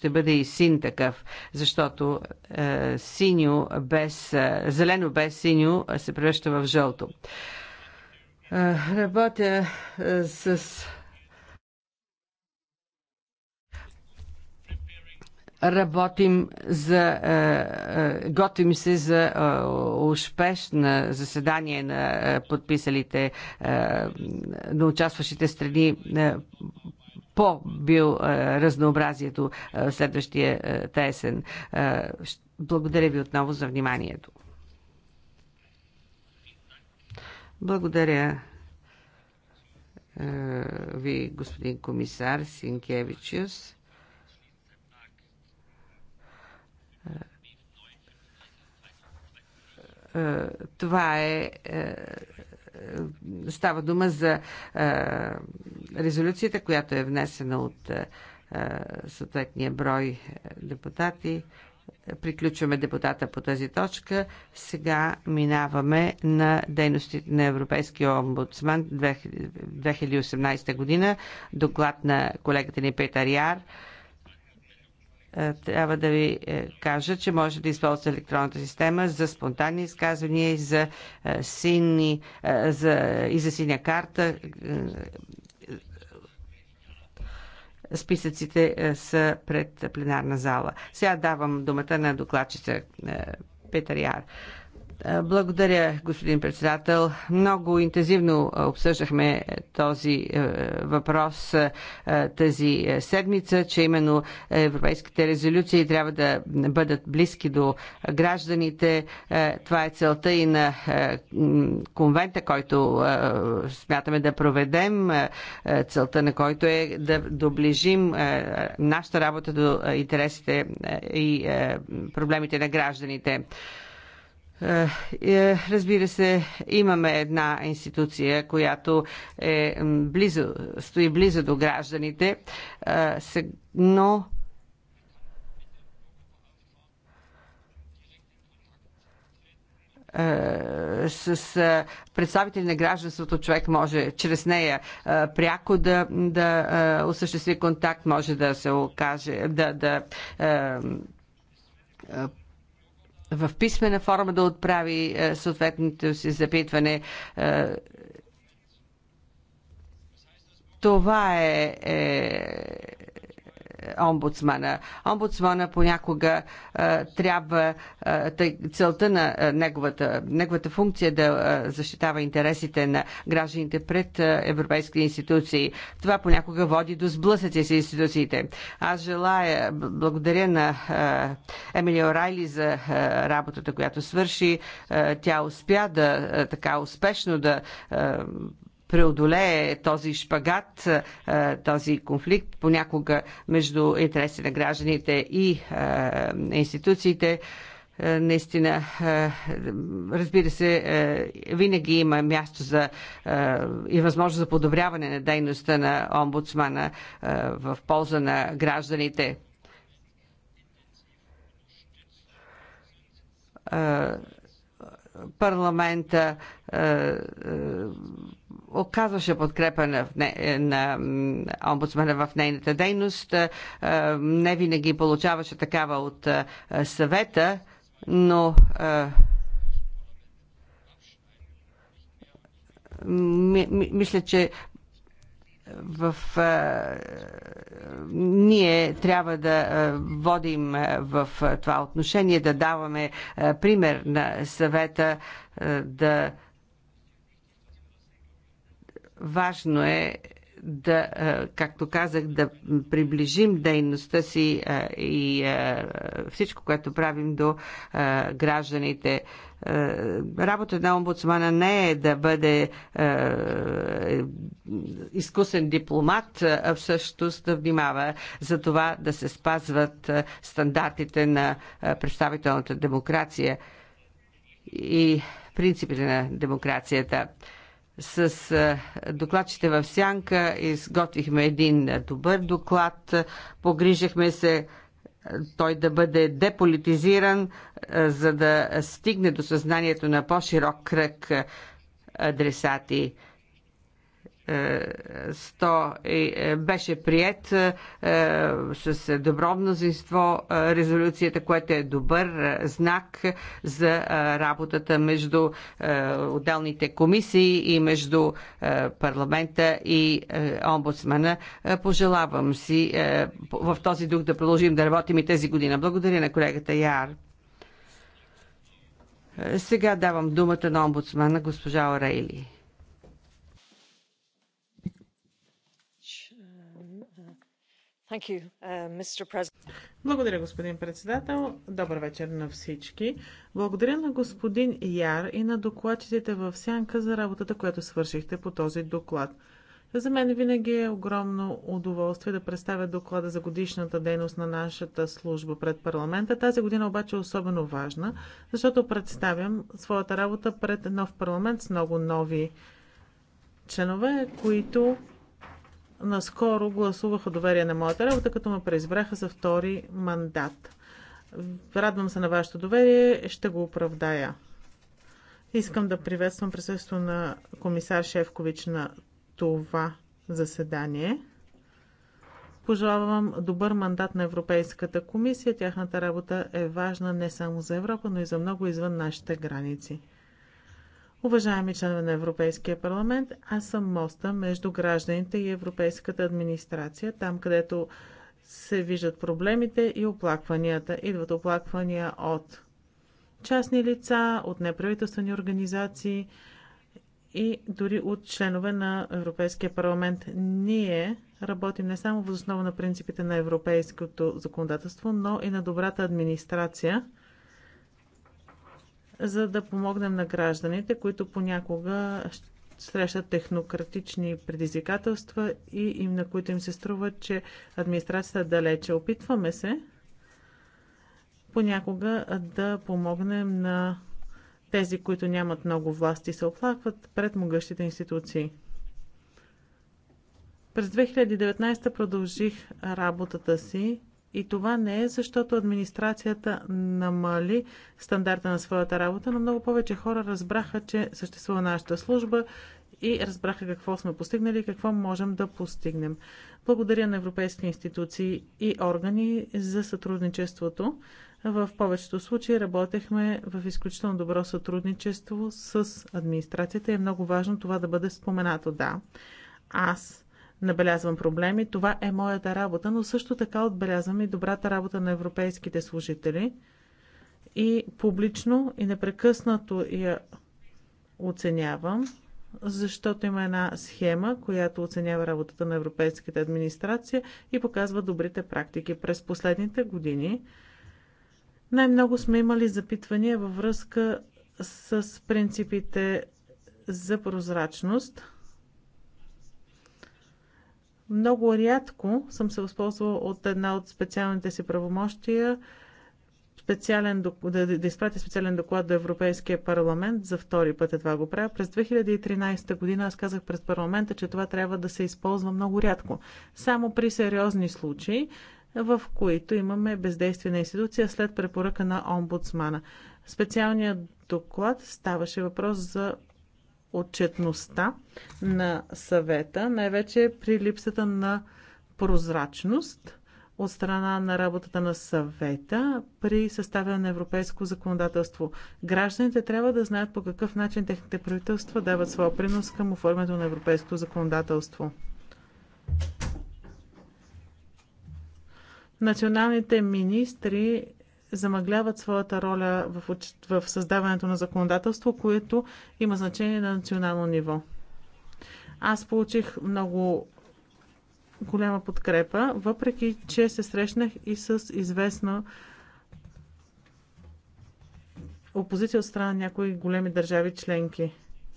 ще бъде и син такъв, защото е, синьо без, е, зелено без синьо е, се превръща в жълто. Е, работя е, с работим за, е, е, готвим се за успешно заседание на подписалите, на участващите страни по бил в следващия е, тесен. Е, благодаря ви отново за вниманието. Благодаря е, ви, господин комисар Синкевичус. Това е е, става дума за е, резолюцията, която е внесена от е, съответния брой депутати. Приключваме депутата по тази точка. Сега минаваме на дейностите на Европейския омбудсман 2018 година. Доклад на колегата ни Петър Яр. Е, трябва да ви е, кажа, че може да използвате електронната система за спонтанни изказвания и за, е, сини, за, и за синя карта. Списъците са пред пленарна зала. Сега давам думата на докладчица Петър Яр. Благодаря, господин председател. Много интензивно обсъждахме този е, въпрос е, тази е, седмица, че именно европейските резолюции трябва да бъдат близки до гражданите. Това е целта и на конвента, който смятаме да проведем, целта на който е да доближим нашата работа до интересите и проблемите на гражданите. Е, е, разбира се, имаме една институция, която е близо, стои близо до гражданите, е, но с представители на гражданството човек може чрез нея пряко да, да осъществи контакт, може да се окаже, да, да в писмена форма да отправи е, съответното си запитване. Е, това е, е омбудсмана. Омбудсмана понякога а, е, трябва е, тъй, целта на а, е, неговата, неговата функция да а, защитава интересите на гражданите пред а, европейските институции. Това понякога води до сблъсъци с институциите. Аз желая, благодаря на а, Емилио Райли за а, работата, която свърши. А, тя успя да а, така успешно да а, преодолее този шпагат, е, този конфликт понякога между интереси на гражданите и е, институциите е, наистина, разбира се, винаги има място за и възможност за подобряване на дейността на омбудсмана в полза на гражданите. Парламента оказваше подкрепа на, не, на омбудсмана в нейната дейност. Е, не винаги получаваше такава от е, съвета, но е, мисля, че в а, ние трябва да водим в това отношение, да даваме пример на съвета, да а, Важно е да, е, както казах, да приближим дейността си е, и е, всичко, което правим до гражданите. Работата на омбудсмана не е да бъде изкусен дипломат, а всъщност да внимава за това да се спазват стандартите на представителната демокрация и принципите на демокрацията. С докладчите в Сянка изготвихме един добър доклад, погрижихме се той да бъде деполитизиран, за да стигне до съзнанието на по-широк кръг адресати. 100 е, беше прият е, с добро мнозинство е, резолюцията, което е добър знак за работата между отделните комисии и между парламента и омбудсмена. Пожелавам си в този дух да продължим да работим и тези година. Благодаря на колегата Яр. Сега давам думата на омбудсмана госпожа Орейли. Uh, Благодаря, господин председател. Добър вечер на всички. Благодаря на господин Яр и на докладчиците в Сянка за работата, която свършихте по този доклад. За мен винаги е огромно удоволствие да представя доклада за годишната дейност на нашата служба пред парламента. Тази година обаче е особено важна, защото представям своята работа пред нов парламент с много нови членове, които наскоро гласуваха доверие на моята работа, като ме преизбраха за втори мандат. Радвам се на вашето доверие, ще го оправдая. Искам да приветствам присъствието на комисар Шефкович на това заседание. Пожелавам добър мандат на Европейската комисия. Тяхната работа е важна не само за Европа, но и за много извън нашите граници. Уважаеми членове на Европейския парламент, аз съм моста между гражданите и европейската администрация, там където се виждат проблемите и оплакванията. Идват оплаквания от частни лица, от неправителствени организации и дори от членове на Европейския парламент. Ние работим не само в основа на принципите на европейското законодателство, но и на добрата администрация – за да помогнем на гражданите, които понякога срещат технократични предизвикателства и им, на които им се струва, че администрацията е далече. Опитваме се понякога да помогнем на тези, които нямат много власт и се оплакват пред могъщите институции. През 2019 продължих работата си и това не е защото администрацията намали стандарта на своята работа, но много повече хора разбраха, че съществува нашата служба и разбраха какво сме постигнали и какво можем да постигнем. Благодаря на европейски институции и органи за сътрудничеството. В повечето случаи работехме в изключително добро сътрудничество с администрацията и е много важно това да бъде споменато. Да, аз набелязвам проблеми. Това е моята работа, но също така отбелязвам и добрата работа на европейските служители и публично и непрекъснато я оценявам, защото има една схема, която оценява работата на европейската администрация и показва добрите практики. През последните години най-много сме имали запитвания във връзка с принципите за прозрачност – много рядко съм се възползвала от една от специалните си правомощия специален, да, да изпратя специален доклад до Европейския парламент. За втори път е това го правя. През 2013 година аз казах през парламента, че това трябва да се използва много рядко. Само при сериозни случаи, в които имаме бездействие на институция след препоръка на омбудсмана. Специалният доклад ставаше въпрос за отчетността на съвета, най-вече при липсата на прозрачност от страна на работата на съвета при съставяне на европейско законодателство. Гражданите трябва да знаят по какъв начин техните правителства дават своя принос към оформянето на европейското законодателство. Националните министри замъгляват своята роля в, в създаването на законодателство, което има значение на национално ниво. Аз получих много голяма подкрепа, въпреки че се срещнах и с известна опозиция от страна на някои големи държави членки.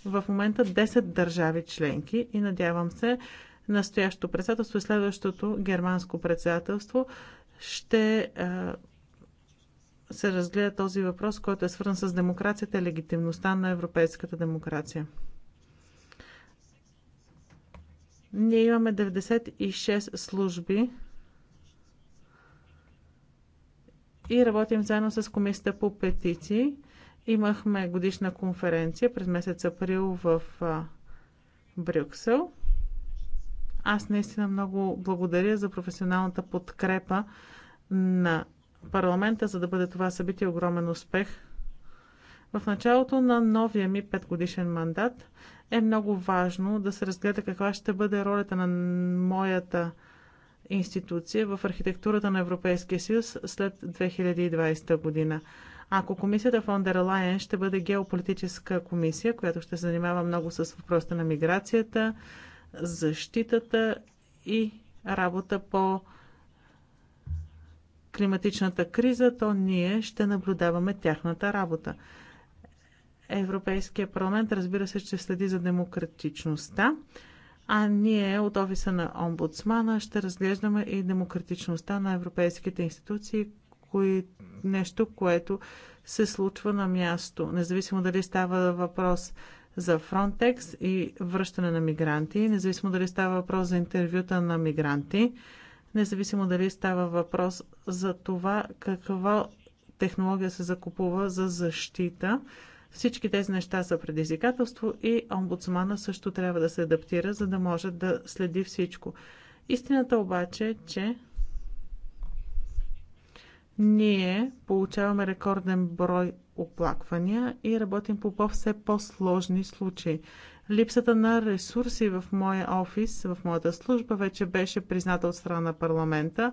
В момента 10 държави членки и надявам се настоящото председателство и следващото германско председателство ще е, се разгледа този въпрос, който е свързан с демокрацията и легитимността на европейската демокрация. Ние имаме 96 служби и работим заедно с комисията по петиции. Имахме годишна конференция през месец април в Брюксел. Аз наистина много благодаря за професионалната подкрепа на парламента, за да бъде това събитие огромен успех. В началото на новия ми петгодишен мандат е много важно да се разгледа каква ще бъде ролята на моята институция в архитектурата на Европейския съюз след 2020 година. Ако комисията фон дер Лайен ще бъде геополитическа комисия, която ще се занимава много с въпросите на миграцията, защитата и работа по климатичната криза, то ние ще наблюдаваме тяхната работа. Европейския парламент, разбира се, ще следи за демократичността, а ние от офиса на омбудсмана ще разглеждаме и демократичността на европейските институции, кои, нещо, което се случва на място. Независимо дали става въпрос за Фронтекс и връщане на мигранти, независимо дали става въпрос за интервюта на мигранти, независимо дали става въпрос за това каква технология се закупува за защита. Всички тези неща са предизвикателство и омбудсмана също трябва да се адаптира, за да може да следи всичко. Истината обаче е, че ние получаваме рекорден брой оплаквания и работим по все по-сложни случаи. Липсата на ресурси в моя офис, в моята служба, вече беше призната от страна на парламента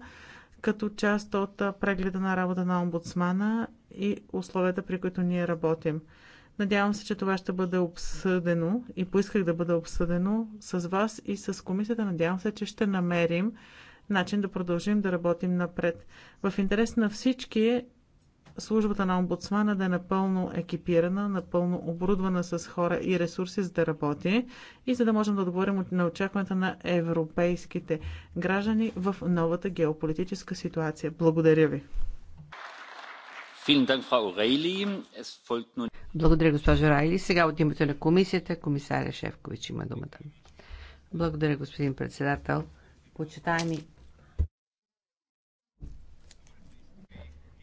като част от прегледа на работа на омбудсмана и условията, при които ние работим. Надявам се, че това ще бъде обсъдено и поисках да бъде обсъдено с вас и с комисията. Надявам се, че ще намерим начин да продължим да работим напред. В интерес на всички е службата на омбудсмана да е напълно екипирана, напълно оборудвана с хора и ресурси, за да работи и за да можем да отговорим на очакването на европейските граждани в новата геополитическа ситуация. Благодаря ви. Благодаря, госпожо Райли. Сега от името на комисията, комисаря Шефкович има думата. Благодаря, господин председател. Почитаеми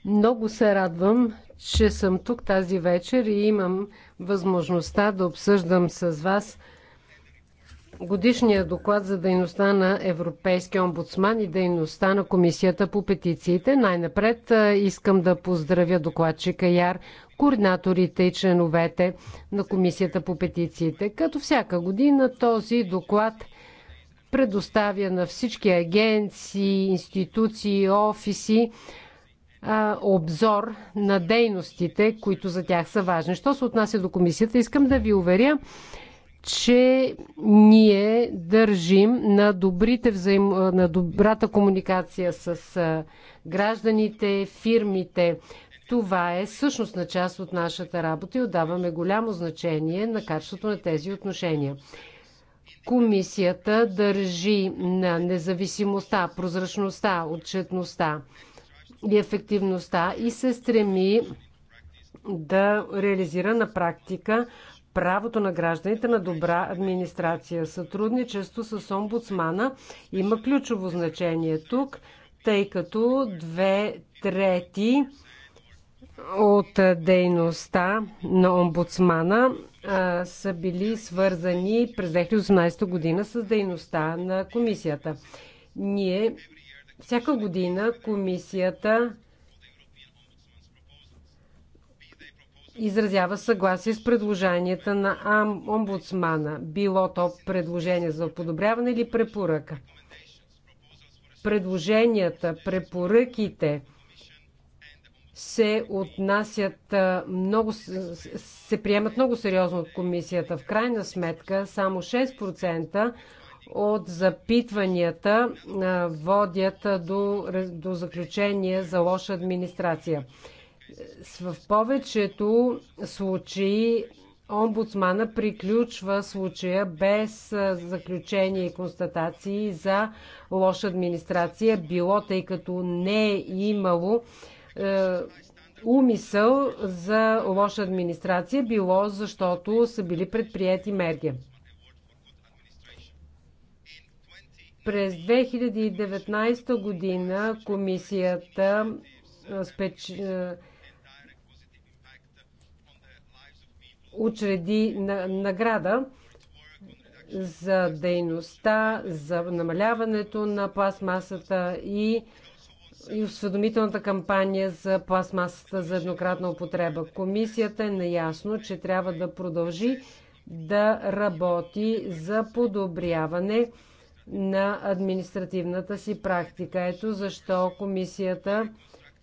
Много се радвам, че съм тук тази вечер и имам възможността да обсъждам с вас годишния доклад за дейността на Европейския омбудсман и дейността на Комисията по петициите. Най-напред искам да поздравя докладчика Яр, координаторите и членовете на Комисията по петициите. Като всяка година този доклад предоставя на всички агенции, институции, офиси а, обзор на дейностите, които за тях са важни. Що се отнася до комисията, искам да ви уверя, че ние държим на, добрите взаим... на добрата комуникация с гражданите, фирмите. Това е всъщност на част от нашата работа и отдаваме голямо значение на качеството на тези отношения. Комисията държи на независимостта, прозрачността, отчетността и ефективността и се стреми да реализира на практика правото на гражданите на добра администрация. Сътрудничество с омбудсмана има ключово значение тук, тъй като две трети от дейността на омбудсмана а, са били свързани през 2018 година с дейността на комисията. Ние всяка година комисията изразява съгласие с предложенията на омбудсмана, било то предложение за подобряване или препоръка. Предложенията, препоръките се отнасят много, се приемат много сериозно от комисията. В крайна сметка, само 6% от запитванията водят до, до заключение за лоша администрация. В повечето случаи омбудсмана приключва случая без заключение и констатации за лоша администрация, било тъй като не е имало е, умисъл за лоша администрация, било защото са били предприяти мерки. През 2019 година комисията спеч... учреди награда за дейността, за намаляването на пластмасата и и осведомителната кампания за пластмасата за еднократна употреба. Комисията е наясно, че трябва да продължи да работи за подобряване на административната си практика. Ето защо комисията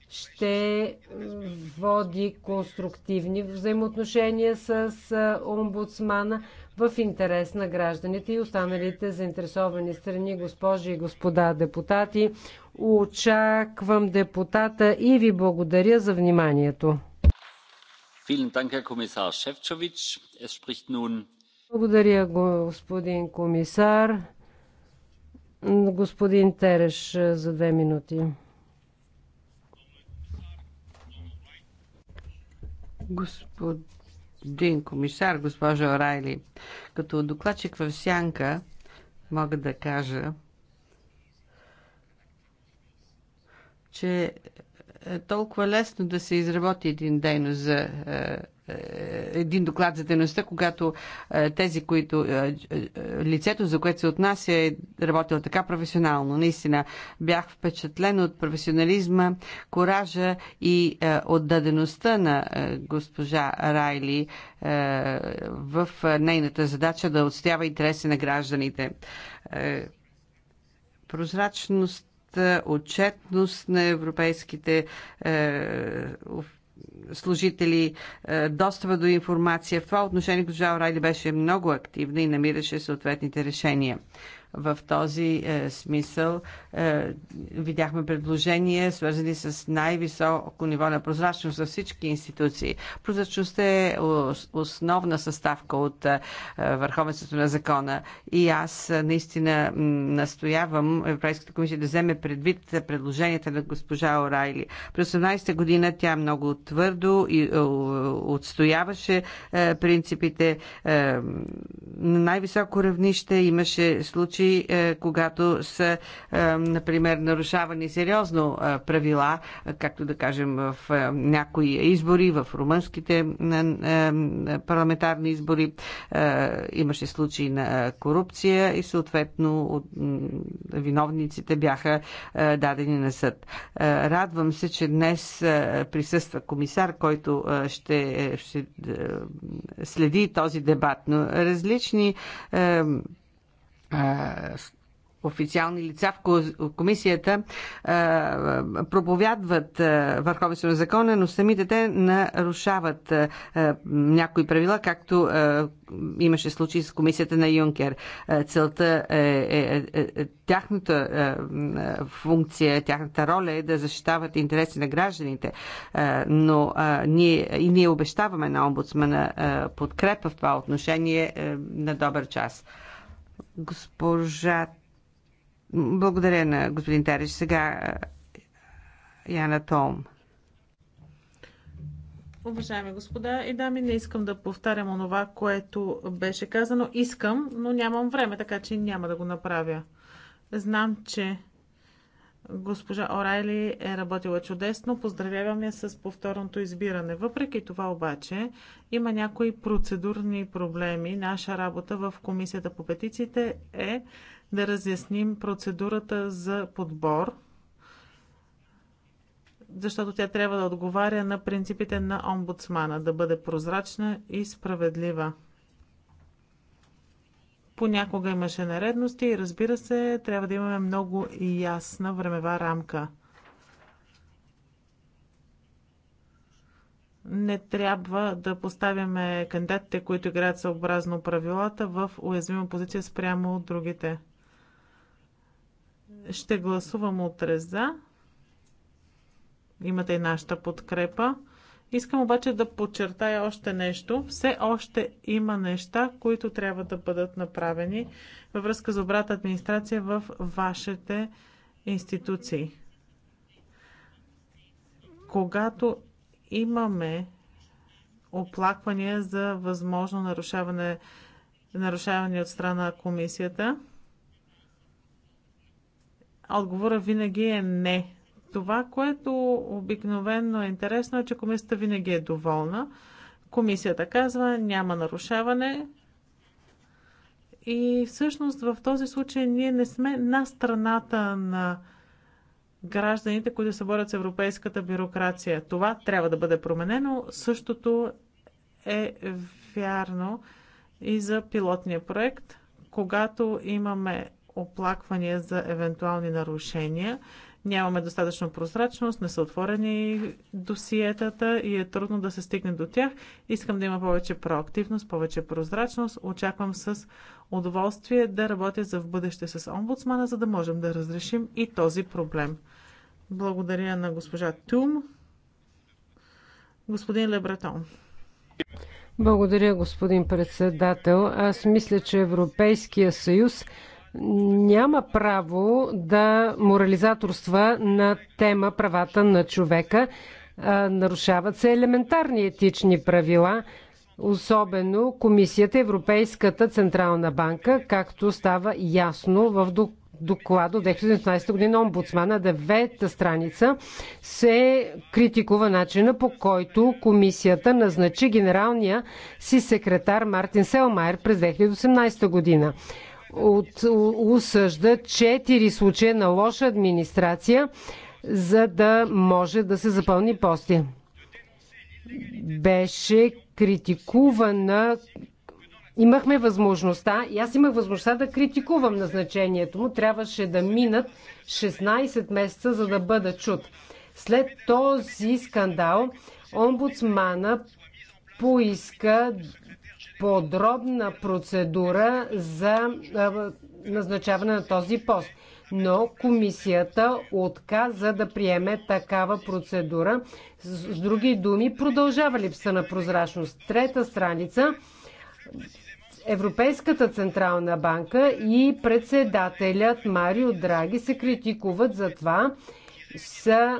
ще води конструктивни взаимоотношения с омбудсмана в интерес на гражданите и останалите заинтересовани страни, госпожи и господа депутати. Очаквам депутата и ви благодаря за вниманието. Благодаря, господин комисар. Господин Тереш е, за две минути. Господин комисар, госпожа Орайли, като докладчик в Сянка, мога да кажа, че е толкова лесно да се изработи един дейност за е, е, един доклад за дейността, когато е, тези, които е, лицето, за което се отнася, е работило така професионално. Наистина бях впечатлен от професионализма, коража и отдадеността на госпожа Райли в нейната задача да отстоява интереси на гражданите. Прозрачност отчетност на европейските е, служители, е, достава до информация. В това отношение госпожа Орайли беше много активна и намираше съответните решения. В този е, смисъл е, видяхме предложения, свързани с най-високо ниво на прозрачност за всички институции. Прозрачността е основна съставка от е, върховенството на закона и аз е, наистина настоявам Европейската комисия да вземе предвид предложенията на госпожа Орайли. През 18-та година тя много твърдо и е, отстояваше е, принципите е, на най-високо равнище. Имаше случаи случаи, е, когато са, е, например, нарушавани сериозно е, правила, както да кажем в някои избори, в румънските парламентарни избори имаше случаи на корупция и съответно виновниците бяха дадени на съд. Радвам се, че днес присъства комисар, който ще, ще следи този дебат, но различни официални лица в комисията проповядват върховенство на закона, но самите те нарушават някои правила, както имаше случай с комисията на Юнкер. Целта е, е, е, е тяхната функция, тяхната роля е да защитават интереси на гражданите, но ние, и ние обещаваме на омбудсмана подкрепа в това отношение е, на добър час. Госпожа... Благодаря на господин Тареш. Сега Яна Том. Уважаеми господа и дами, не искам да повтарям онова, което беше казано. Искам, но нямам време, така че няма да го направя. Знам, че Госпожа Орайли е работила чудесно. Поздравяваме с повторното избиране. Въпреки това обаче има някои процедурни проблеми. Наша работа в Комисията по петициите е да разясним процедурата за подбор, защото тя трябва да отговаря на принципите на омбудсмана, да бъде прозрачна и справедлива. Понякога имаше наредности и разбира се, трябва да имаме много ясна времева рамка. Не трябва да поставяме кандидатите, които играят съобразно правилата, в уязвима позиция спрямо от другите. Ще гласувам отреза. за. Имате и нашата подкрепа. Искам обаче да подчертая още нещо. Все още има неща, които трябва да бъдат направени във връзка с добрата администрация в вашите институции. Когато имаме оплаквания за възможно нарушаване, нарушаване от страна на комисията, отговора винаги е не. Това, което обикновено е интересно, е, че комисията винаги е доволна. Комисията казва, няма нарушаване. И всъщност в този случай ние не сме на страната на гражданите, които се борят с европейската бюрокрация. Това трябва да бъде променено. Същото е вярно и за пилотния проект. Когато имаме оплаквания за евентуални нарушения, Нямаме достатъчно прозрачност, не са отворени досиетата и е трудно да се стигне до тях. Искам да има повече проактивност, повече прозрачност. Очаквам с удоволствие да работя за в бъдеще с омбудсмана, за да можем да разрешим и този проблем. Благодаря на госпожа Тум. Господин Лебретон. Благодаря, господин председател. Аз мисля, че Европейския съюз няма право да морализаторства на тема правата на човека. Нарушават се елементарни етични правила, особено Комисията Европейската Централна банка, както става ясно в доклада от 2019 година омбудсмана, девета страница, се критикува начина по който комисията назначи генералния си секретар Мартин Селмайер през 2018 година от, осъжда четири случая на лоша администрация, за да може да се запълни пости. Беше критикувана. Имахме възможността, и аз имах възможността да критикувам назначението му. Трябваше да минат 16 месеца, за да бъда чут. След този скандал, омбудсмана поиска подробна процедура за назначаване на този пост. Но комисията отказа да приеме такава процедура. С други думи, продължава липса на прозрачност. Трета страница. Европейската централна банка и председателят Марио Драги се критикуват за това, са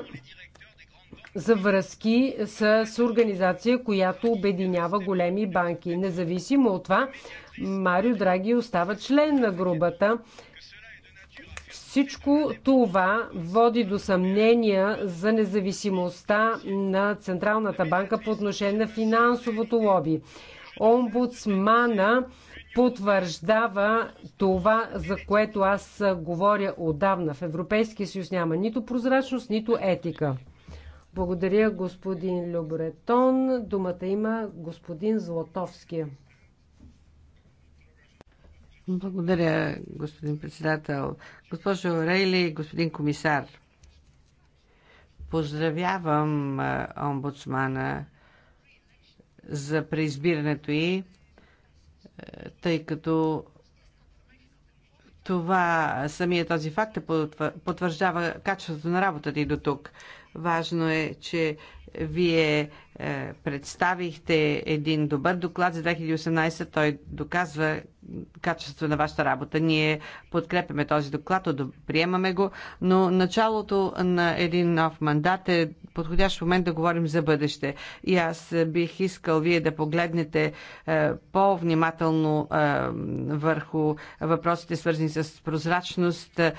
за връзки с организация, която обединява големи банки. Независимо от това, Марио Драги остава член на групата. Всичко това води до съмнения за независимостта на Централната банка по отношение на финансовото лоби. Омбудсмана потвърждава това, за което аз говоря отдавна. В Европейския съюз няма нито прозрачност, нито етика. Благодаря, господин Любретон. Думата има господин Златовски. Благодаря, господин председател. Госпожо Рейли, господин комисар, поздравявам омбудсмана за преизбирането й, тъй като това, самия този факт е потвърждава качеството на работата и до тук. Важно е, че вие е, представихте един добър доклад за 2018. Той доказва качеството на вашата работа. Ние подкрепяме този доклад, приемаме го, но началото на един нов мандат е подходящ момент да говорим за бъдеще. И аз бих искал вие да погледнете е, по-внимателно е, върху въпросите, свързани с прозрачност е,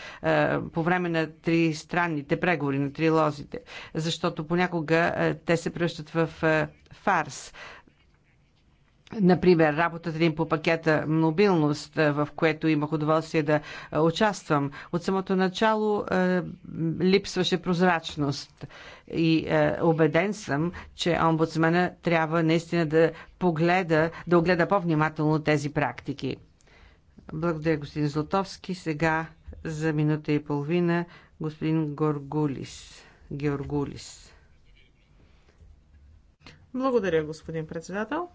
по време на три странните преговори, на трилозите, защото понякога е, е, те се превръщат в е, фарс. Например, работата им по пакета мобилност, е, в което имах удоволствие да участвам. От самото начало липсваше прозрачност и убеден съм, че омбудсмена трябва наистина да погледа, да огледа по-внимателно тези практики. Благодаря, господин Златовски. Сега за минута и половина господин Горгулис. Георгулис. Благодаря, господин председател.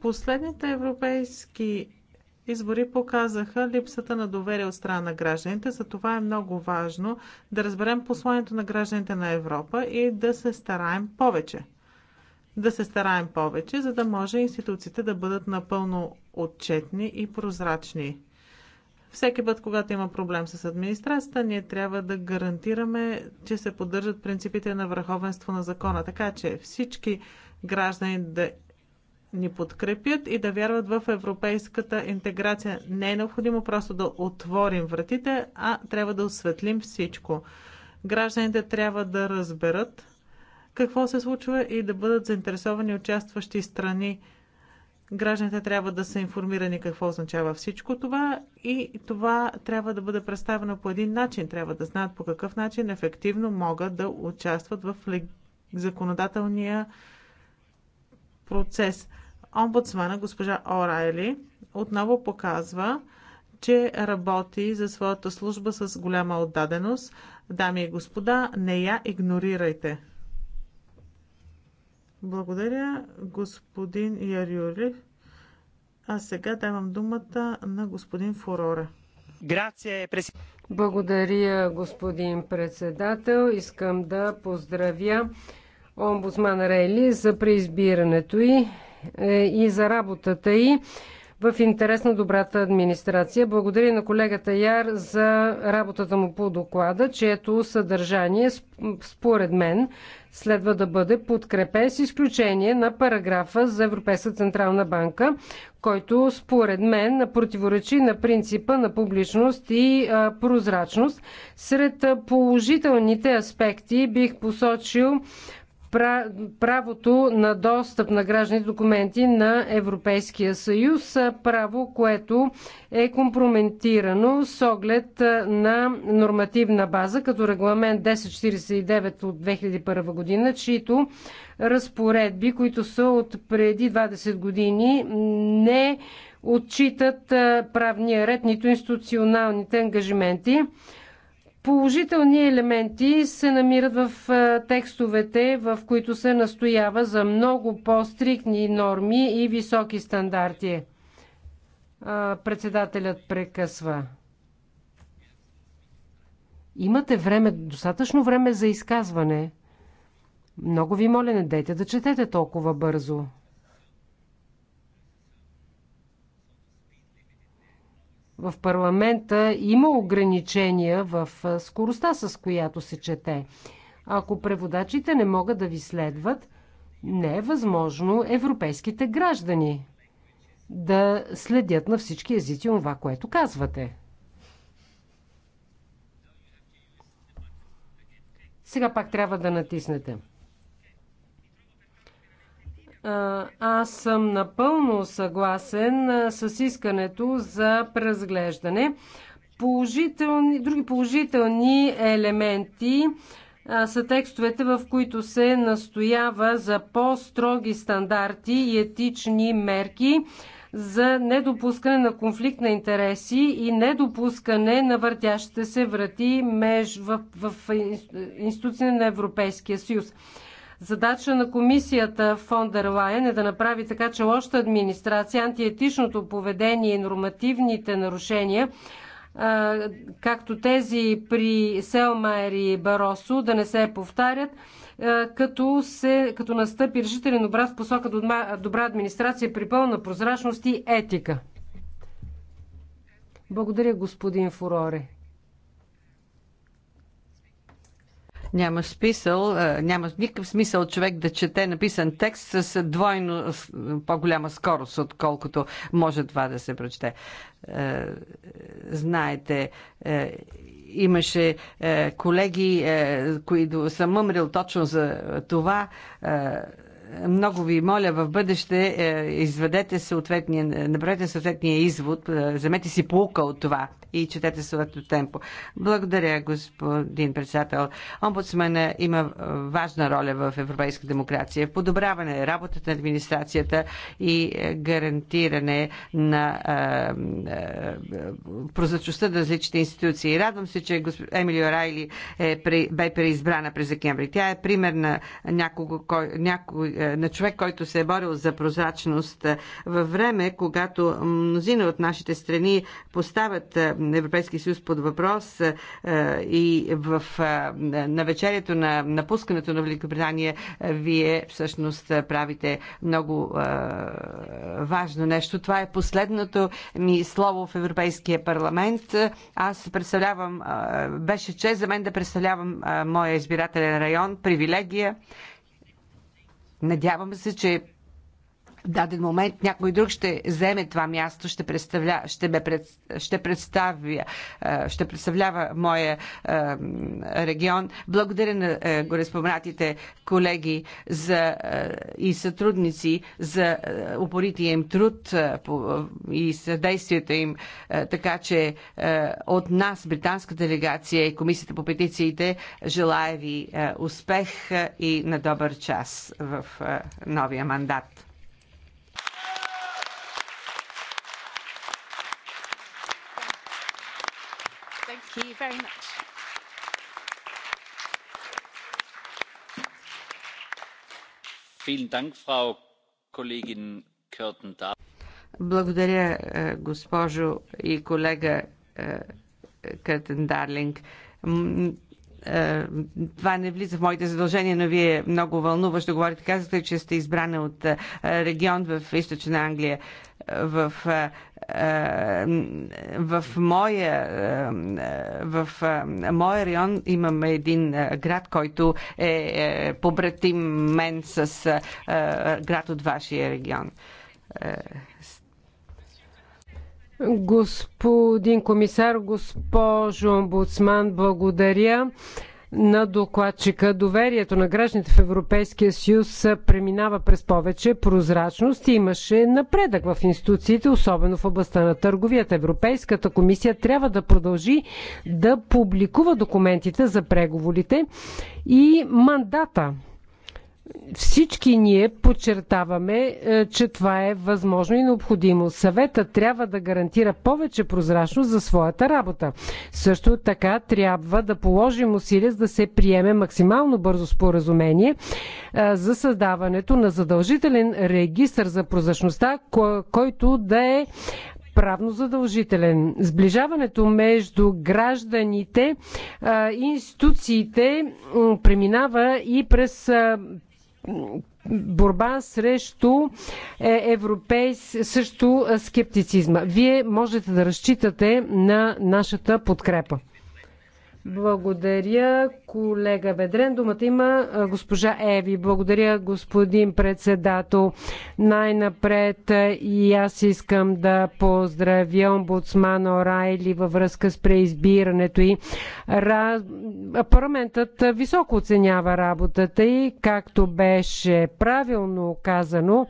Последните европейски избори показаха липсата на доверие от страна на гражданите. За това е много важно да разберем посланието на гражданите на Европа и да се стараем повече. Да се стараем повече, за да може институциите да бъдат напълно отчетни и прозрачни. Всеки път, когато има проблем с администрацията, ние трябва да гарантираме, че се поддържат принципите на върховенство на закона, така че всички граждани да ни подкрепят и да вярват в европейската интеграция. Не е необходимо просто да отворим вратите, а трябва да осветлим всичко. Гражданите трябва да разберат какво се случва и да бъдат заинтересовани участващи страни Гражданите трябва да са информирани какво означава всичко това и това трябва да бъде представено по един начин. Трябва да знаят по какъв начин ефективно могат да участват в законодателния процес. Омбудсмана госпожа Орайли отново показва, че работи за своята служба с голяма отдаденост. Дами и господа, не я игнорирайте. Благодаря, господин Яриори. А сега давам думата на господин Фурора. Благодаря, господин председател. Искам да поздравя омбудсман Рейли за преизбирането й е, и за работата й в интерес на добрата администрация. Благодаря на колегата Яр за работата му по доклада, чието съдържание според мен следва да бъде подкрепен с изключение на параграфа за Европейска Централна банка, който според мен противоречи на принципа на публичност и а, прозрачност. Сред положителните аспекти бих посочил правото на достъп на граждани документи на Европейския съюз, право, което е компрометирано с оглед на нормативна база, като регламент 1049 от 2001 година, чието разпоредби, които са от преди 20 години, не отчитат правния ред, нито институционалните ангажименти. Положителни елементи се намират в текстовете, в които се настоява за много по-стрикни норми и високи стандарти. Председателят прекъсва. Имате време, достатъчно време за изказване. Много ви моля, не дайте да четете толкова бързо. в парламента има ограничения в скоростта, с която се чете. Ако преводачите не могат да ви следват, не е възможно европейските граждани да следят на всички езици това, което казвате. Сега пак трябва да натиснете. Аз съм напълно съгласен с искането за преразглеждане. Положителни, други положителни елементи са текстовете, в които се настоява за по-строги стандарти и етични мерки за недопускане на конфликт на интереси и недопускане на въртящите се врати меж, в, в институции на Европейския съюз. Задача на комисията фон дер Лайен е да направи така, че лошата администрация, антиетичното поведение и нормативните нарушения както тези при Селмайер и Баросо, да не се повтарят, като, се, като настъпи решителен образ в посока до добра администрация при пълна прозрачност и етика. Благодаря, господин Фуроре. Няма смисъл, е, няма никакъв смисъл човек да чете написан текст с двойно по-голяма скорост, отколкото може това да се прочете. Е, знаете, е, имаше колеги, които съм мъмрил точно за това много ви моля в бъдеще, изведете съответния, направете съответния извод, вземете си полука от това и четете своето темпо. Благодаря, господин председател. Омбудсмена има важна роля в европейска демокрация. в Подобряване работата на администрацията и гарантиране на прозрачността на различните институции. Радвам се, че госп... Емилио Райли е, бе преизбрана през декември. Тя е пример на, някого, кой, няко... Е, на човек, който се е борил за прозрачност във време, когато мнозина от нашите страни поставят Европейския съюз под въпрос е, и в е, навечерието на напускането на Великобритания е, вие всъщност правите много важно нещо. Това е последното ми слово в Европейския парламент. Аз представлявам, беше чест за мен да представлявам моя избирателен район, привилегия. Надявам се, че в даден момент някой друг ще вземе това място, ще, представля, ще, ме пред, ще, представя, ще представлява моя регион. Благодаря на гореспоменатите колеги за, и сътрудници за упорития им труд и съдействието им, така че от нас, британска делегация и Комисията по петициите, желая ви успех и на добър час в новия мандат. very much. Благодаря, е, госпожо и колега Къртен Дарлинг. Е, това не влиза в моите задължения, но вие много вълнуващо говорите. Казахте, че сте избрана от е, регион в източна Англия. В, е, в, моя, в моя район имаме един град, който е побратим мен с град от вашия регион Господин комисар, госпожо омбудсман, благодаря на докладчика. Доверието на гражданите в Европейския съюз преминава през повече прозрачност и имаше напредък в институциите, особено в областта на търговията. Европейската комисия трябва да продължи да публикува документите за преговорите и мандата всички ние подчертаваме, е, че това е възможно и необходимо. Съвета трябва да гарантира повече прозрачност за своята работа. Също така трябва да положим усилия за да се приеме максимално бързо споразумение е, за създаването на задължителен регистр за прозрачността, който да е правно задължителен. Сближаването между гражданите е, и институциите преминава и през борба срещу е, европейс, също е, скептицизма. Вие можете да разчитате на нашата подкрепа. Благодаря, колега Бедрен. Думата има госпожа Еви. Благодаря, господин председател. Най-напред и аз искам да поздравя омбудсмана Орайли във връзка с преизбирането и Раз... парламентът високо оценява работата и, както беше правилно казано,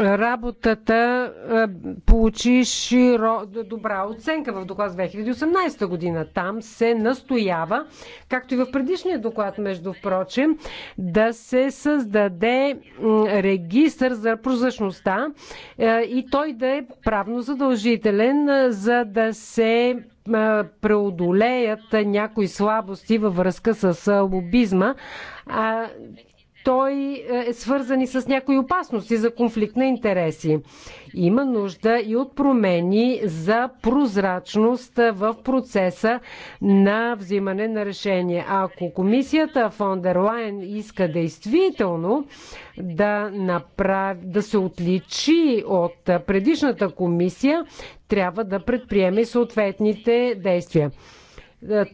работата получи широ, добра оценка в доклад 2018 година. Там се настоява, както и в предишния доклад, между прочим, да се създаде регистр за прозрачността и той да е правно задължителен, за да се преодолеят някои слабости във връзка с лобизма. А, той е, е свързан и с някои опасности за конфликт на интереси. Има нужда и от промени за прозрачност е, в процеса на взимане на решение. Ако комисията фон дер иска действително да, направи, да се отличи от е, предишната комисия, трябва да предприеме съответните действия.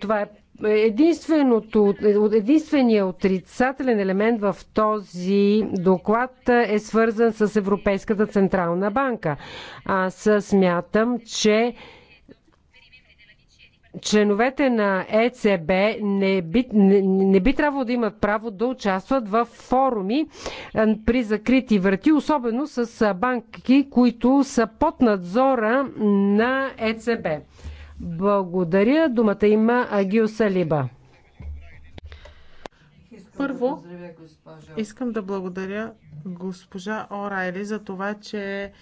Това е Единственото, единственият отрицателен елемент в този доклад е свързан с Европейската централна банка. Аз смятам, че членовете на ЕЦБ не би, не, не би трябвало да имат право да участват в форуми при закрити врати, особено с банки, които са под надзора на ЕЦБ. Благодаря. Думата има Агил Салиба. Първо, искам да благодаря госпожа Орайли за това, че е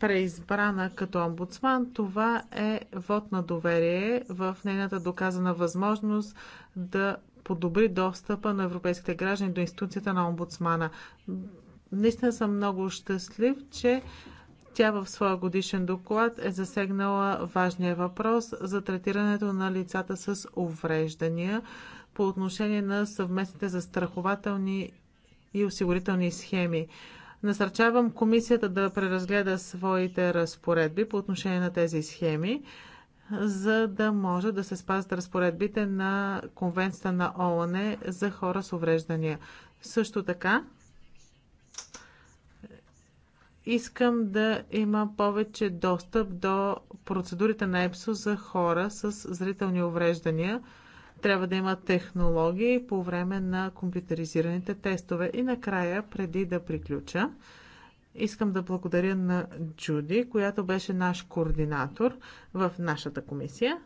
преизбрана като омбудсман. Това е вод на доверие в нейната доказана възможност да подобри достъпа на европейските граждани до институцията на омбудсмана. Наистина съм много щастлив, че тя в своя годишен доклад е засегнала важния въпрос за третирането на лицата с увреждания по отношение на съвместните застрахователни и осигурителни схеми. Насърчавам комисията да преразгледа своите разпоредби по отношение на тези схеми, за да може да се спазят разпоредбите на Конвенцията на ООН за хора с увреждания. Също така, искам да има повече достъп до процедурите на ЕПСО за хора с зрителни увреждания. Трябва да има технологии по време на компютъризираните тестове. И накрая, преди да приключа, искам да благодаря на Джуди, която беше наш координатор в нашата комисия.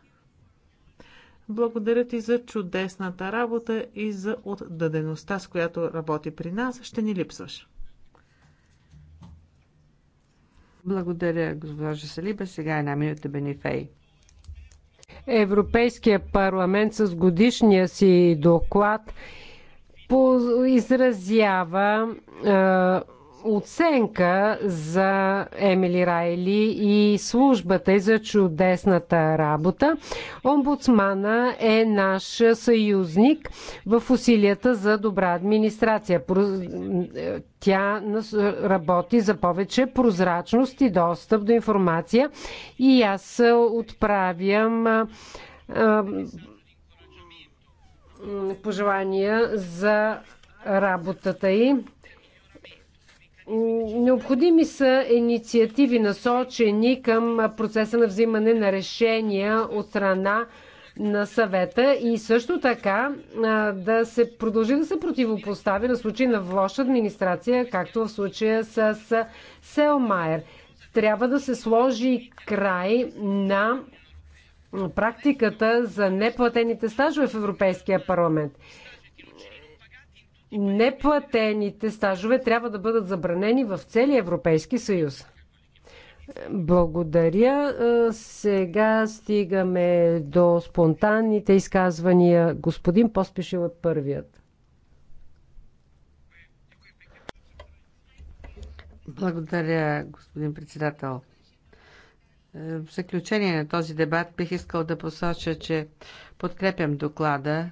Благодаря ти за чудесната работа и за отдадеността, с която работи при нас. Ще ни липсваш. Благодаря, госпожа Салиба. Сега една минута Бенифей. Европейския парламент с годишния си доклад изразява оценка за Емили Райли и службата и за чудесната работа. Омбудсмана е наш съюзник в усилията за добра администрация. Тя работи за повече прозрачност и достъп до информация и аз отправям пожелания за работата й. Необходими са инициативи насочени към процеса на взимане на решения от страна на съвета и също така да се продължи да се противопостави на случай на лоша администрация, както в случая с Селмайер. Трябва да се сложи край на практиката за неплатените стажове в Европейския парламент неплатените стажове трябва да бъдат забранени в целия Европейски съюз. Благодаря. Сега стигаме до спонтанните изказвания. Господин Поспешил е първият. Благодаря, господин председател. Е, в заключение на този дебат бих искал да посоча, че подкрепям доклада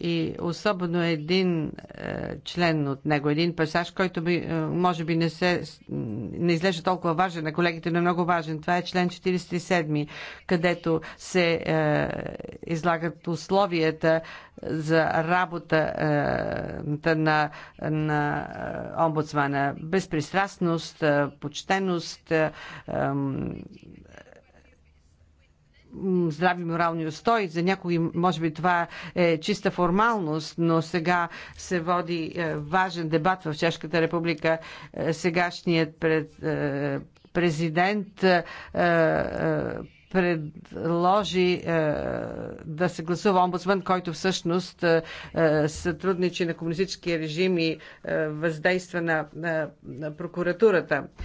и особено един е, член от него, един пасаж, който би, е, може би не, се, не изглежда толкова важен на колегите, но е много важен. Това е член 47, където се е, излагат условията за работа е, на, на е, омбудсмана. Безпристрастност, е, почтеност, е, е здрави морални устои. За някои, може би, това е чиста формалност, но сега се води е, важен дебат в Чешката република. Е, сегашният пред, е, президент предложи е, да се гласува омбудсман, който всъщност е, сътрудничи на комунистическия режим и е, въздейства на, на, на прокуратурата. Е,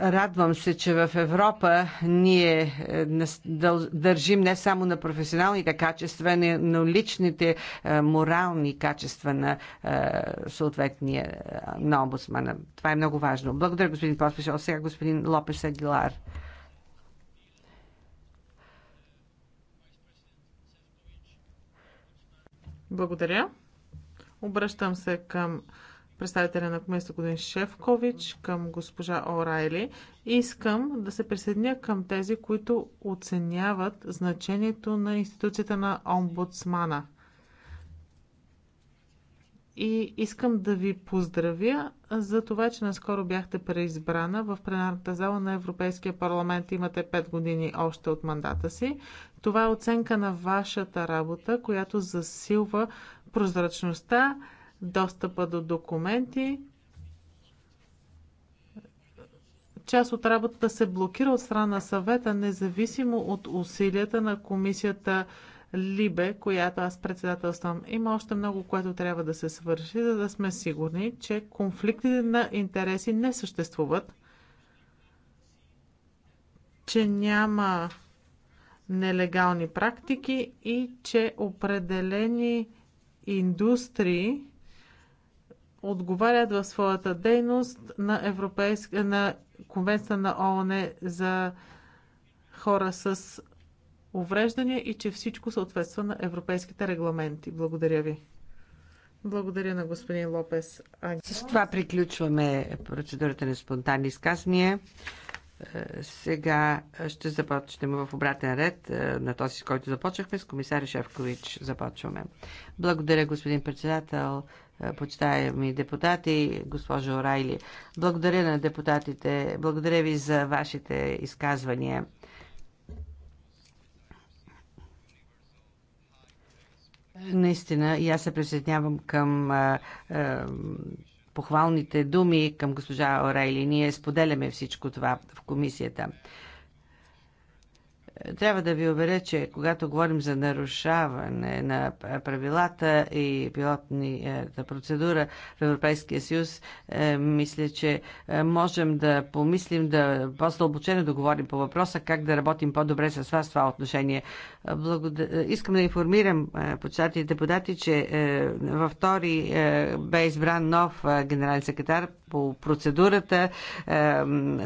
Радвам се, че в Европа ние е, държим не само на професионалните качества, но на личните е, морални качества на е, съответния на омбудсмана. Това е много важно. Благодаря, господин Поспеш. Сега господин Лопес Агилар. Благодаря. Обръщам се към представителя на комисията господин Шефкович, към госпожа Орайли. Искам да се присъединя към тези, които оценяват значението на институцията на омбудсмана. И искам да ви поздравя за това, че наскоро бяхте преизбрана в пленарната зала на Европейския парламент. Имате 5 години още от мандата си. Това е оценка на вашата работа, която засилва прозрачността, достъпа до документи. Част от работата се блокира от страна на съвета, независимо от усилията на комисията Либе, която аз председателствам. Има още много, което трябва да се свърши, за да сме сигурни, че конфликтите на интереси не съществуват, че няма нелегални практики и че определени индустрии отговарят в своята дейност на, европейска, на Конвенцията на ООН за хора с увреждания и че всичко съответства на европейските регламенти. Благодаря ви. Благодаря на господин Лопес. С това приключваме процедурата на спонтанни изказвания. Е, сега ще започнем в обратен ред е, на този, с който започнахме. С комисаря Шефкович започваме. Благодаря, господин председател. Е, почитаеми депутати, госпожо Орайли. Благодаря на депутатите, благодаря ви за вашите изказвания. Наистина, и аз се присъединявам към а, е, а, е, похвалните думи към госпожа Орайли. Ние споделяме всичко това в комисията. Трябва да ви уверя, че когато говорим за нарушаване на правилата и пилотната процедура в Европейския съюз, е, мисля, че е, можем да помислим, да по-стълбочено да говорим по въпроса как да работим по-добре с вас в това отношение. Благодар... Искам да информирам е, почитателите депутати, че е, във втори е, бе избран нов генерален секретар по процедурата,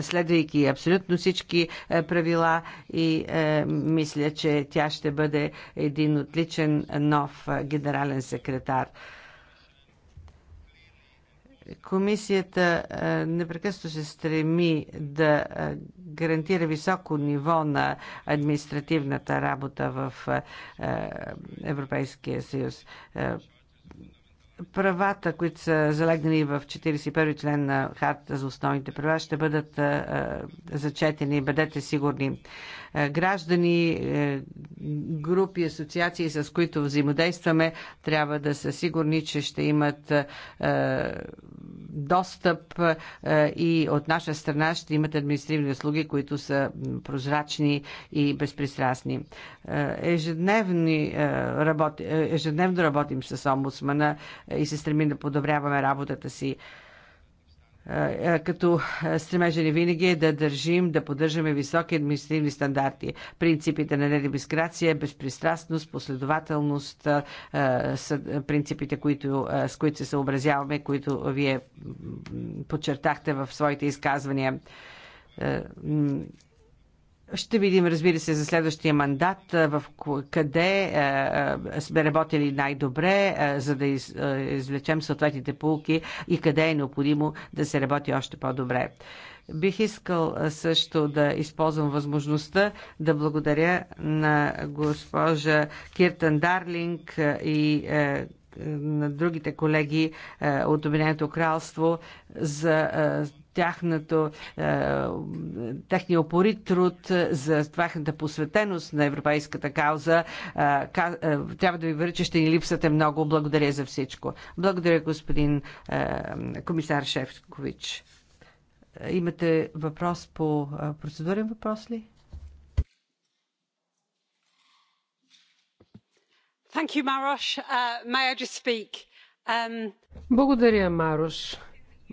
следвайки абсолютно всички правила и мисля, че тя ще бъде един отличен нов генерален секретар. Комисията непрекъсто се стреми да гарантира високо ниво на административната работа в Европейския съюз правата, които са залегнали в 41 член на Харта за основните права, ще бъдат зачетени. Бъдете сигурни. Граждани, е, групи, асоциации, с които взаимодействаме, трябва да са сигурни, че ще имат достъп и от наша страна ще имат административни услуги, които са прозрачни и безпристрастни. Ежедневни работи, ежедневно работим с омбудсмана и се стремим да подобряваме работата си е, е, като е, стремежа ни винаги е да държим, да поддържаме високи административни стандарти. Принципите на недемискрация, безпристрастност, последователност, са принципите, които, с които се съобразяваме, които вие подчертахте в своите изказвания ще видим, разбира се, за следващия мандат в къде сме работили най-добре, за да извлечем съответните полки и къде е необходимо да се работи още по-добре. Бих искал също да използвам възможността да благодаря на госпожа Киртан Дарлинг и на другите колеги от Обединеното кралство за тяхното, е, техния опорит труд, е, за тяхната посветеност на европейската кауза. Е, трябва да ви веря, че ще ни липсате много. Благодаря за всичко. Благодаря, господин комисар Шефкович. Имате въпрос по процедурен въпрос ли? You, Uh, um... Благодаря, Марош.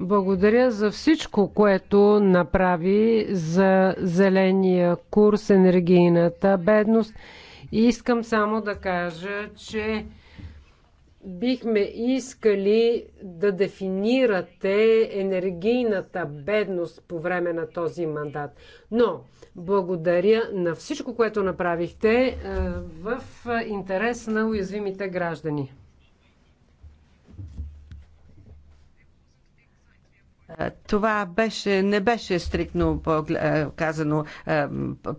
Благодаря за всичко, което направи за зеления курс, енергийната бедност. И искам само да кажа, че бихме искали да дефинирате енергийната бедност по време на този мандат. Но благодаря на всичко, което направихте в интерес на уязвимите граждани. Това беше, не беше стрикно е, казано е,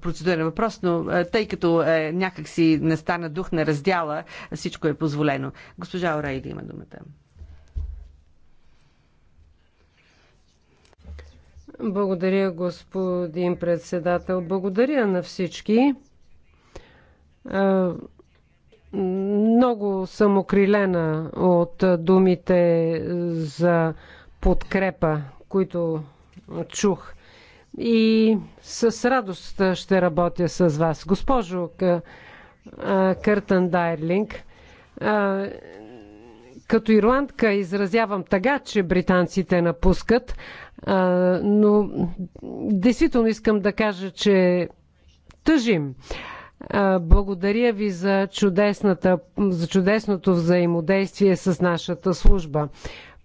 процедурен въпрос, но е, тъй като някакси не стана дух на раздяла, всичко е позволено. Госпожа Орайли има думата. Благодаря, господин председател. Благодаря на всички. Много съм окрилена от думите за подкрепа, които чух. И с радост ще работя с вас. Госпожо Къртън Дайрлинг, като ирландка изразявам тъга, че британците напускат, но действително искам да кажа, че тъжим. Благодаря ви за, чудесната, за чудесното взаимодействие с нашата служба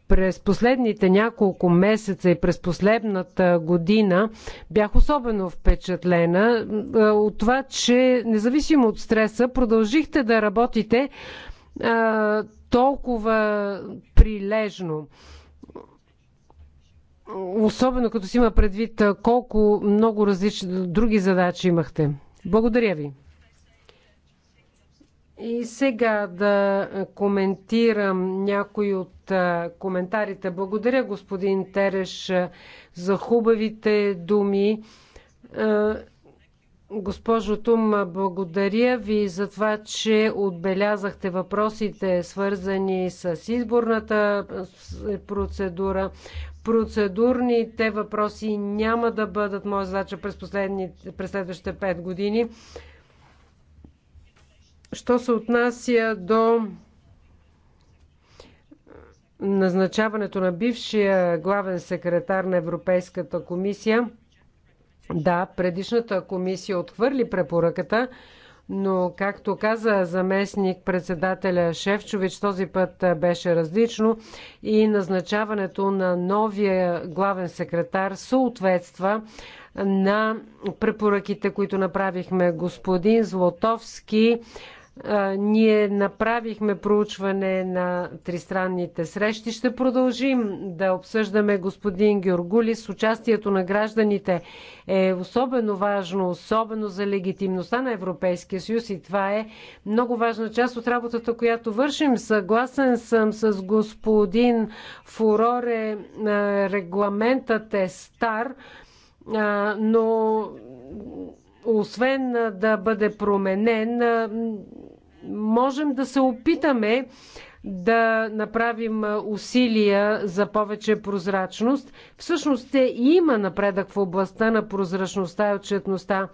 през последните няколко месеца и през последната година бях особено впечатлена от това, че независимо от стреса, продължихте да работите а, толкова прилежно. Особено като си има предвид колко много различни други задачи имахте. Благодаря ви. И сега да коментирам някои от коментарите. Благодаря, господин Тереш, за хубавите думи. Госпожо Тум, благодаря ви за това, че отбелязахте въпросите, свързани с изборната е, процедура. Процедурните въпроси няма да бъдат моя задача през, през следващите 5 години. Що се отнася до назначаването на бившия главен секретар на Европейската комисия, да, предишната комисия отхвърли препоръката, но, както каза заместник председателя Шевчович, този път беше различно и назначаването на новия главен секретар съответства на препоръките, които направихме господин Злотовски ние направихме проучване на тристранните срещи. Ще продължим да обсъждаме господин Георгулис. Участието на гражданите е особено важно, особено за легитимността на Европейския съюз и това е много важна част от работата, която вършим. Съгласен съм с господин Фуроре. Регламентът е стар, но освен да бъде променен, можем да се опитаме да направим усилия за повече прозрачност. Всъщност те има напредък в областта на прозрачността и отчетността.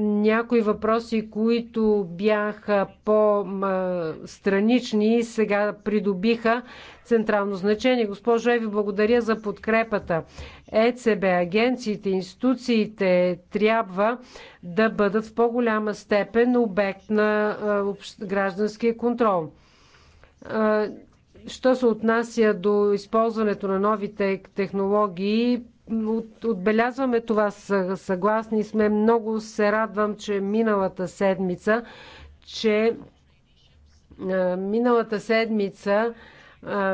Някои въпроси, които бяха по-странични, сега придобиха централно значение. Госпожо Еви, благодаря за подкрепата. ЕЦБ, агенциите, институциите трябва да бъдат в по-голяма степен обект на гражданския контрол. Що се отнася до използването на новите технологии, отбелязваме това, съгласни сме. Много се радвам, че миналата седмица, че миналата седмица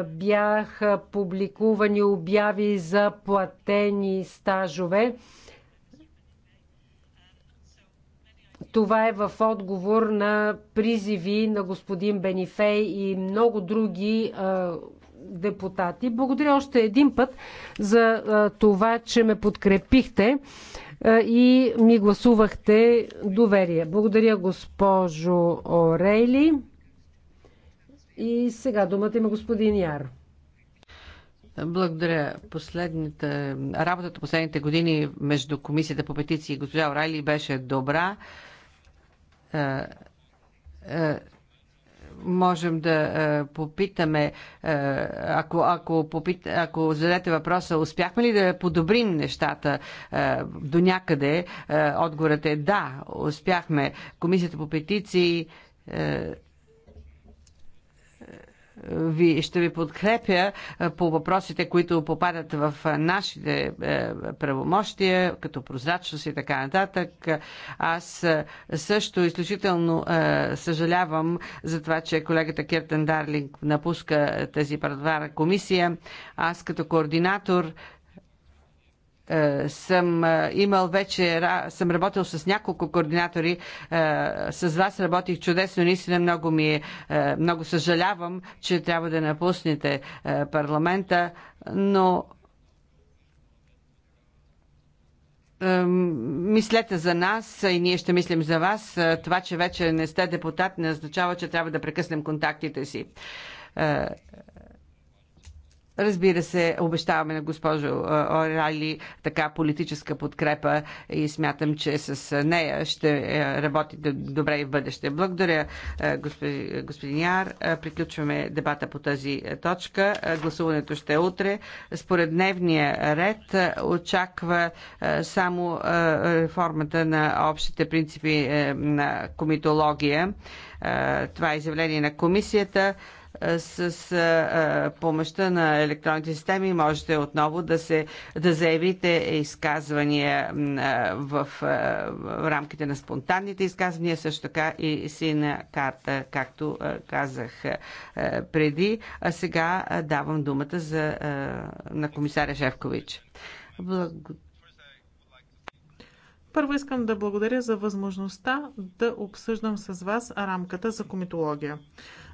бяха публикувани обяви за платени стажове. Това е в отговор на призиви на господин Бенифей и много други депутати. Благодаря още един път за това, че ме подкрепихте и ми гласувахте доверие. Благодаря, госпожо Орейли. И сега думата има господин Яр. Благодаря. Последните, работата последните години между Комисията по петиции и госпожа Орайли беше добра. Е, е, можем да е, попитаме, ако, ако, попит, ако зададете въпроса, успяхме ли да подобрим нещата до някъде, отговорът е да, успяхме. Комисията по петиции ви, ще ви подкрепя е, по въпросите, които попадат в е, нашите е, правомощия, като прозрачност и така нататък. Аз също изключително съжалявам за това, че колегата Киртен Дарлинг напуска тази парламентарна комисия. Аз като координатор е, съм е, имал вече, съм работил с няколко координатори, е, с вас работих чудесно, наистина много ми е, много съжалявам, че трябва да напуснете парламента, но мислете за нас и ние ще мислим за вас. Това, че вече не сте депутат, не означава, че трябва да прекъснем контактите си. Разбира се, обещаваме на госпожо Орали така политическа подкрепа и смятам, че с нея ще работи добре и в бъдеще. Благодаря, господин Яр. Приключваме дебата по тази точка. Гласуването ще е утре. Според дневния ред очаква само реформата на общите принципи е, на комитология. Това е изявление на комисията с помощта на електронните системи можете отново да, се, да заявите изказвания в рамките на спонтанните изказвания, също така и сина карта, както казах преди. А сега давам думата за, на комисаря Шевкович. Благ... Първо искам да благодаря за възможността да обсъждам с вас рамката за комитология.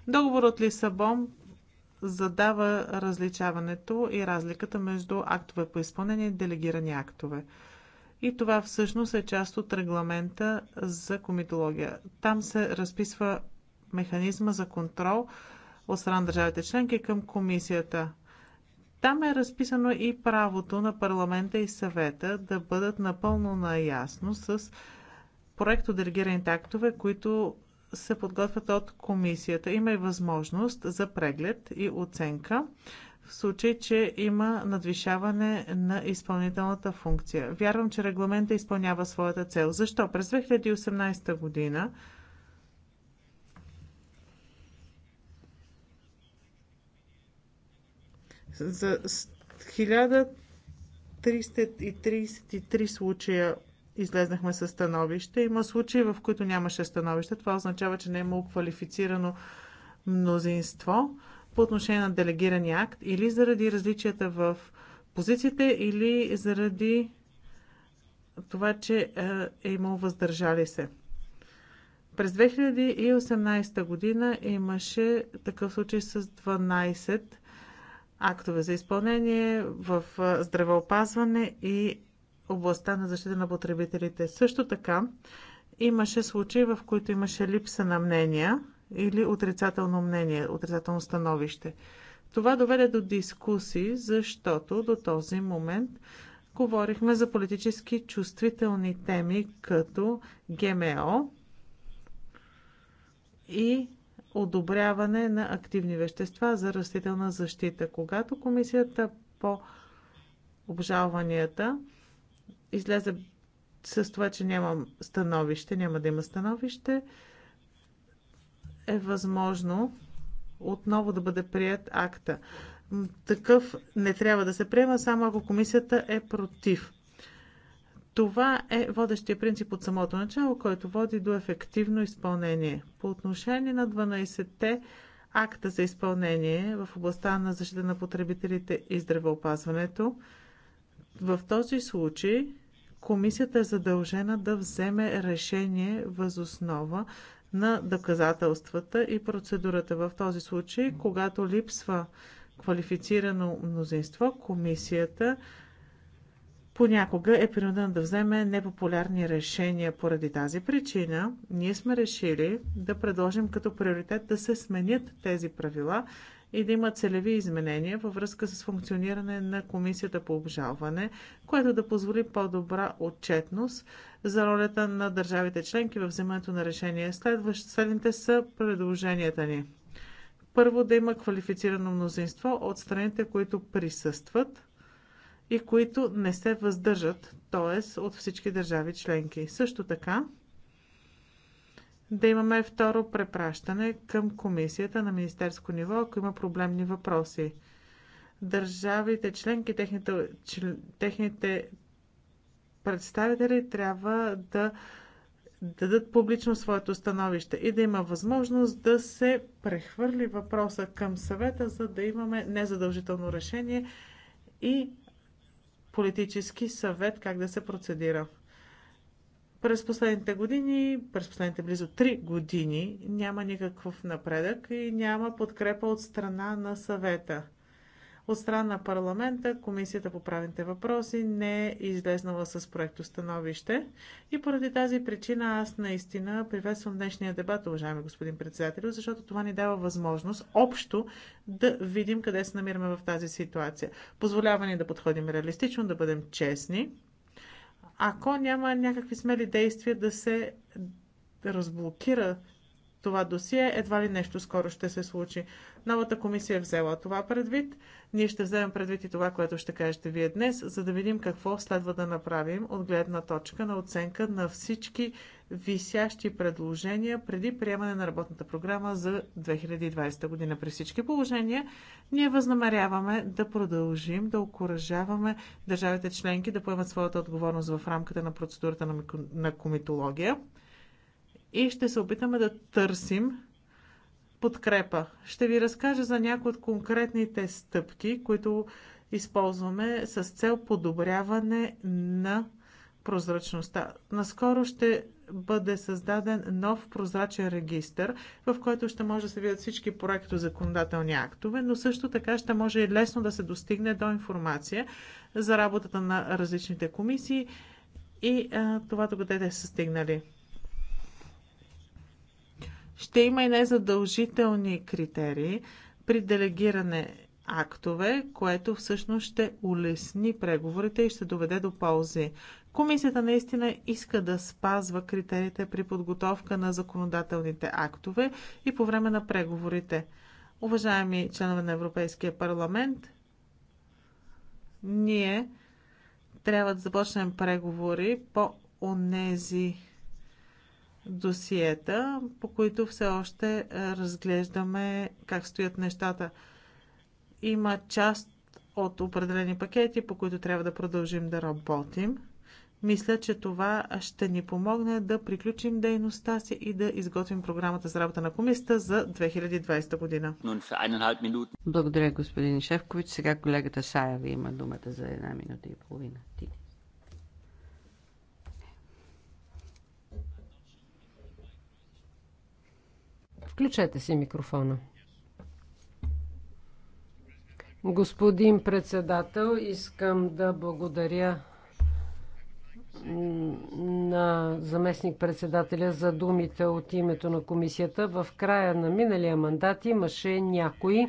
Договор от Лисабон задава различаването и разликата между актове по изпълнение и делегирани актове. И това всъщност е част от регламента за комитология. Там се разписва механизма за контрол от страна на държавите членки към комисията. Там е разписано и правото на парламента и съвета да бъдат напълно наясно с проекто делегираните актове, които се подготвят от комисията. Има и възможност за преглед и оценка в случай, че има надвишаване на изпълнителната функция. Вярвам, че регламента изпълнява своята цел. Защо? През 2018 година за 1333 случая излезнахме със становище. Има случаи, в които нямаше становище. Това означава, че не е имало квалифицирано мнозинство по отношение на делегирания акт или заради различията в позициите, или заради това, че е, е имало въздържали се. През 2018 година имаше такъв случай с 12 актове за изпълнение в е, здравеопазване и областта на защита на потребителите. Също така имаше случаи, в които имаше липса на мнения или отрицателно мнение, отрицателно становище. Това доведе до дискусии, защото до този момент говорихме за политически чувствителни теми, като ГМО и одобряване на активни вещества за растителна защита. Когато комисията по обжалванията излезе с това, че нямам становище, няма да има становище, е възможно отново да бъде прият акта. Такъв не трябва да се приема, само ако комисията е против. Това е водещия принцип от самото начало, който води до ефективно изпълнение. По отношение на 12-те акта за изпълнение в областта на защита на потребителите и здравеопазването, в този случай комисията е задължена да вземе решение въз основа на доказателствата и процедурата. В този случай, когато липсва квалифицирано мнозинство, комисията понякога е принудена да вземе непопулярни решения. Поради тази причина ние сме решили да предложим като приоритет да се сменят тези правила и да има целеви изменения във връзка с функциониране на комисията по обжалване, което да позволи по-добра отчетност за ролята на държавите членки във вземането на решение. Следващ, следните са предложенията ни. Първо да има квалифицирано мнозинство от страните, които присъстват и които не се въздържат, т.е. от всички държави членки. Също така, да имаме второ препращане към комисията на министерско ниво, ако има проблемни въпроси. Държавите членки, техните, техните представители трябва да дадат публично своето становище и да има възможност да се прехвърли въпроса към съвета, за да имаме незадължително решение и политически съвет как да се процедира. През последните години, през последните близо 3 години, няма никакъв напредък и няма подкрепа от страна на съвета. От страна на парламента, Комисията по правните въпроси не е излезнала с проектостановище и поради тази причина аз наистина приветствам днешния дебат, уважаеми господин председател, защото това ни дава възможност общо да видим къде се намираме в тази ситуация. Позволява ни да подходим реалистично, да бъдем честни ако няма някакви смели действия да се разблокира това досие, едва ли нещо скоро ще се случи. Новата комисия е взела това предвид. Ние ще вземем предвид и това, което ще кажете вие днес, за да видим какво следва да направим от гледна точка на оценка на всички висящи предложения преди приемане на работната програма за 2020 година. При всички положения ние възнамеряваме да продължим да окоръжаваме държавите членки да поемат своята отговорност в рамката на процедурата на комитология и ще се опитаме да търсим подкрепа. Ще ви разкажа за някои от конкретните стъпки, които използваме с цел подобряване на прозрачността. Наскоро ще бъде създаден нов прозрачен регистр, в който ще може да се видят всички проекто законодателни актове, но също така ще може и лесно да се достигне до информация за работата на различните комисии и а, това докъде те са стигнали. Ще има и незадължителни критерии при делегиране актове, което всъщност ще улесни преговорите и ще доведе до ползи. Комисията наистина иска да спазва критериите при подготовка на законодателните актове и по време на преговорите. Уважаеми членове на Европейския парламент, ние трябва да започнем преговори по онези досиета, по които все още е, разглеждаме как стоят нещата. Има част от определени пакети, по които трябва да продължим да работим. Мисля, че това ще ни помогне да приключим дейността си и да изготвим програмата за работа на комисията за 2020 година. Благодаря, господин Шефкович. Сега колегата Саева има думата за една минута и половина. Ти. Включете си микрофона. Господин председател, искам да благодаря на заместник-председателя за думите от името на комисията. В края на миналия мандат имаше някой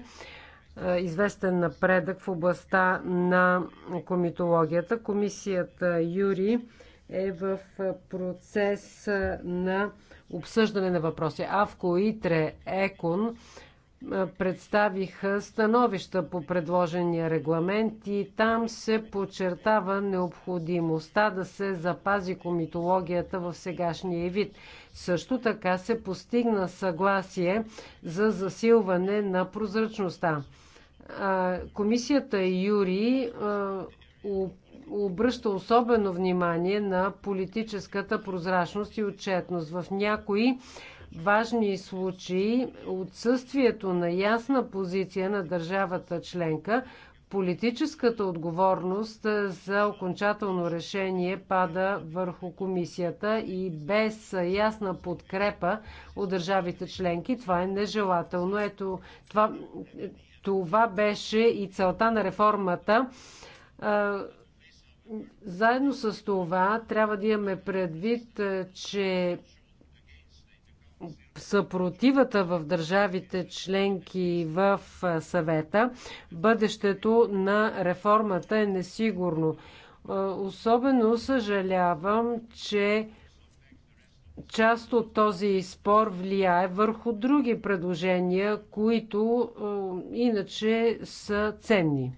е, известен напредък в областта на комитологията. Комисията Юри е в процес на обсъждане на въпроси. Авко, Итре, Екон представиха становища по предложения регламент и там се подчертава необходимостта да се запази комитологията в сегашния вид. Също така се постигна съгласие за засилване на прозрачността. Комисията Юри обръща особено внимание на политическата прозрачност и отчетност. В някои важни случаи отсъствието на ясна позиция на държавата членка, политическата отговорност за окончателно решение пада върху комисията и без ясна подкрепа от държавите членки това е нежелателно. Ето, това, това беше и целта на реформата заедно с това трябва да имаме предвид, е, че съпротивата в държавите членки в е, съвета, бъдещето на реформата е несигурно. Е, особено съжалявам, че част от този спор влияе върху други предложения, които иначе са ценни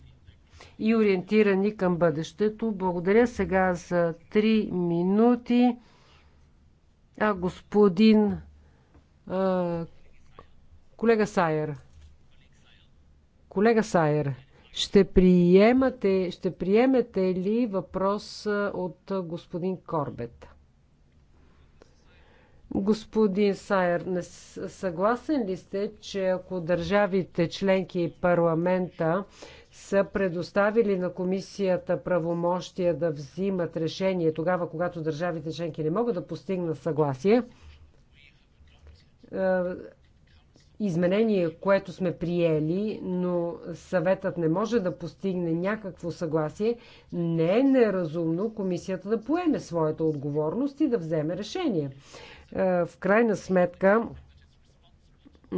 и ориентирани към бъдещето. Благодаря сега за 3 минути. А, господин а, колега Сайер. Колега Сайер, ще, приемате, ще приемете ли въпрос от господин Корбет? Господин Сайер, не съгласен ли сте, че ако държавите членки и парламента са предоставили на комисията правомощия да взимат решение тогава, когато държавите членки не могат да постигнат съгласие. Е, изменение, което сме приели, но съветът не може да постигне някакво съгласие, не е неразумно комисията да поеме своята отговорност и да вземе решение. Е, в крайна сметка,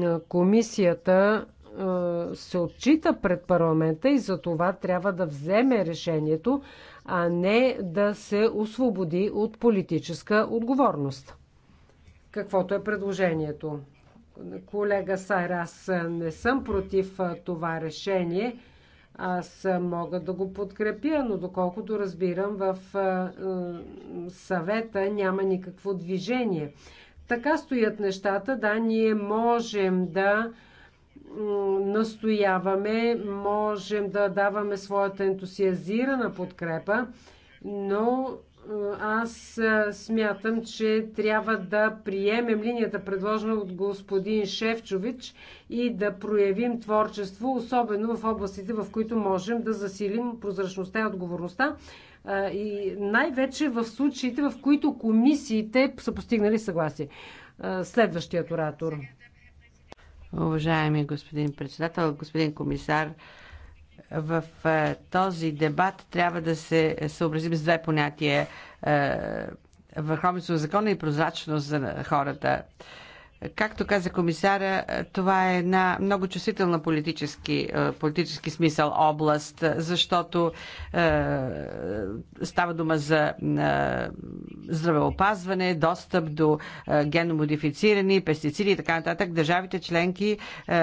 е, комисията е, се отчита пред парламента и за това трябва да вземе решението, а не да се освободи от политическа отговорност. Каквото е предложението? Колега Сайр, аз не съм против е, това решение. Аз мога да го подкрепя, но доколкото разбирам, в е, съвета няма никакво движение. Така стоят нещата. Да, ние можем да настояваме, можем да даваме своята ентусиазирана подкрепа, но аз смятам, че трябва да приемем линията, предложена от господин Шевчович и да проявим творчество, особено в областите, в които можем да засилим прозрачността и отговорността. И най-вече в случаите, в които комисиите са постигнали съгласие. Следващият оратор. Уважаеми господин председател, господин комисар, в е, този дебат трябва да се съобразим с две понятия е, върховенство на закона и прозрачност за хората. Както каза комисара, това е една много чувствителна политически, е, политически смисъл област, защото е, става дума за е, здравеопазване, достъп до е, геномодифицирани пестициди и така нататък. Държавите членки е,